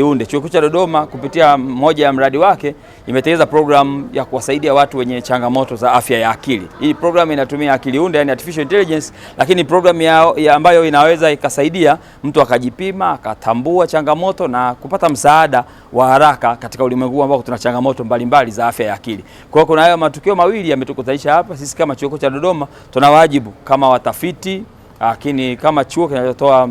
Iunde. Chuo Kikuu cha Dodoma kupitia moja ya mradi wake imetengeneza programu ya kuwasaidia watu wenye changamoto za afya ya akili. Hii programu inatumia akili unde, yani artificial intelligence, lakini programu ya, ya ambayo inaweza ikasaidia mtu akajipima akatambua changamoto na kupata msaada wa haraka katika ulimwengu ambao tuna changamoto mbalimbali za afya ya akili. Kwa hiyo kuna hayo matukio mawili yametukutanisha hapa. Sisi kama Chuo Kikuu cha Dodoma tuna wajibu kama watafiti, lakini kama chuo kinachotoa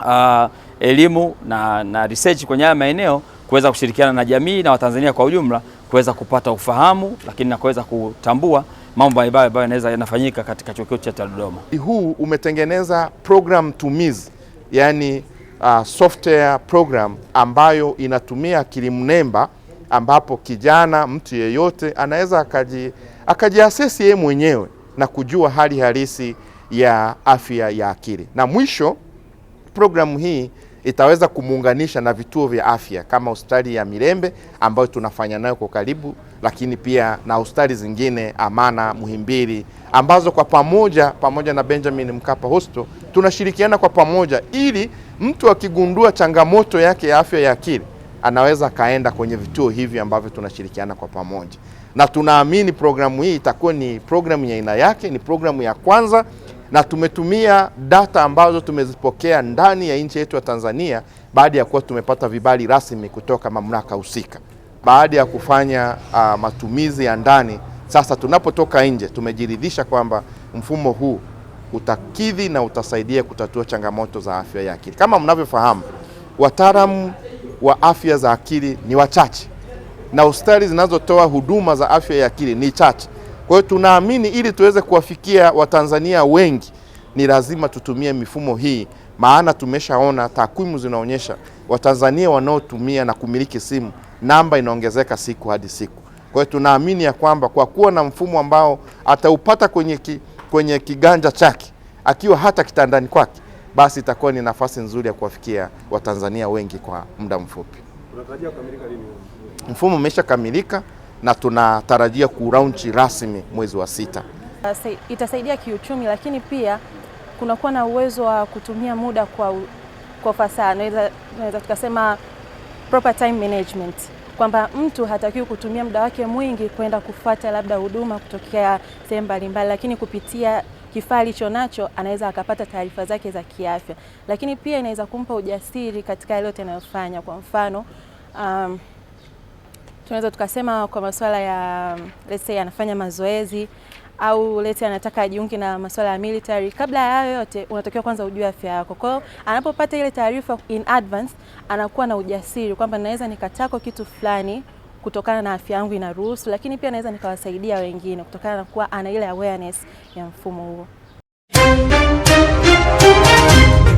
uh, elimu na, na research kwenye haya maeneo kuweza kushirikiana na jamii na Watanzania kwa ujumla kuweza kupata ufahamu, lakini na kuweza kutambua mambo mbalimbali ambayo yanaweza yanafanyika katika chuo kikuu cha Dodoma. Huu umetengeneza program tumizi, yani uh, software program ambayo inatumia akili mnemba, ambapo kijana mtu yeyote anaweza akaji akajiasesi yeye mwenyewe na kujua hali halisi ya afya ya akili. Na mwisho programu hii itaweza kumuunganisha na vituo vya afya kama hospitali ya Mirembe ambayo tunafanya nayo kwa karibu, lakini pia na hospitali zingine Amana, Muhimbili ambazo kwa pamoja pamoja na Benjamin Mkapa Hospital tunashirikiana kwa pamoja, ili mtu akigundua changamoto yake ya afya ya akili anaweza akaenda kwenye vituo hivi ambavyo tunashirikiana kwa pamoja, na tunaamini programu hii itakuwa ni programu ya aina yake, ni programu ya kwanza na tumetumia data ambazo tumezipokea ndani ya nchi yetu ya Tanzania baada ya kuwa tumepata vibali rasmi kutoka mamlaka husika. Baada ya kufanya uh, matumizi ya ndani, sasa tunapotoka nje tumejiridhisha kwamba mfumo huu utakidhi na utasaidia kutatua changamoto za afya ya akili. Kama mnavyofahamu, wataalamu wa afya za akili ni wachache na hospitali zinazotoa huduma za afya ya akili ni chache. Kwa hiyo tunaamini ili tuweze kuwafikia Watanzania wengi ni lazima tutumie mifumo hii, maana tumeshaona takwimu zinaonyesha Watanzania wanaotumia na kumiliki simu, namba inaongezeka siku hadi siku. Kwa hiyo tunaamini ya kwamba kwa kuwa na mfumo ambao ataupata kwenye, ki, kwenye kiganja chake akiwa hata kitandani kwake, basi itakuwa ni nafasi nzuri ya kuwafikia Watanzania wengi kwa muda mfupi. Unatarajia kukamilika lini? Mfumo umeshakamilika na tunatarajia kuraunchi rasmi mwezi wa sita. Itasaidia kiuchumi, lakini pia kunakuwa na uwezo wa kutumia muda kwa, kwa fasaha. Naweza tukasema proper time management kwamba mtu hatakiwi kutumia muda wake mwingi kwenda kufuata labda huduma kutokea sehemu mbalimbali, lakini kupitia kifaa alicho nacho anaweza akapata taarifa zake za kiafya, lakini pia inaweza kumpa ujasiri katika yale yote anayofanya. Kwa mfano um, tunaweza tukasema kwa masuala ya let's say anafanya mazoezi au lete anataka ajiunge na masuala ya military. Kabla ya hayo yote, unatakiwa kwanza ujue afya yako. Kwa hiyo anapopata ile taarifa in advance, anakuwa na ujasiri kwamba naweza nikatako kitu fulani kutokana na afya yangu inaruhusu, lakini pia naweza nikawasaidia wengine kutokana na kuwa ana ile awareness ya mfumo huo.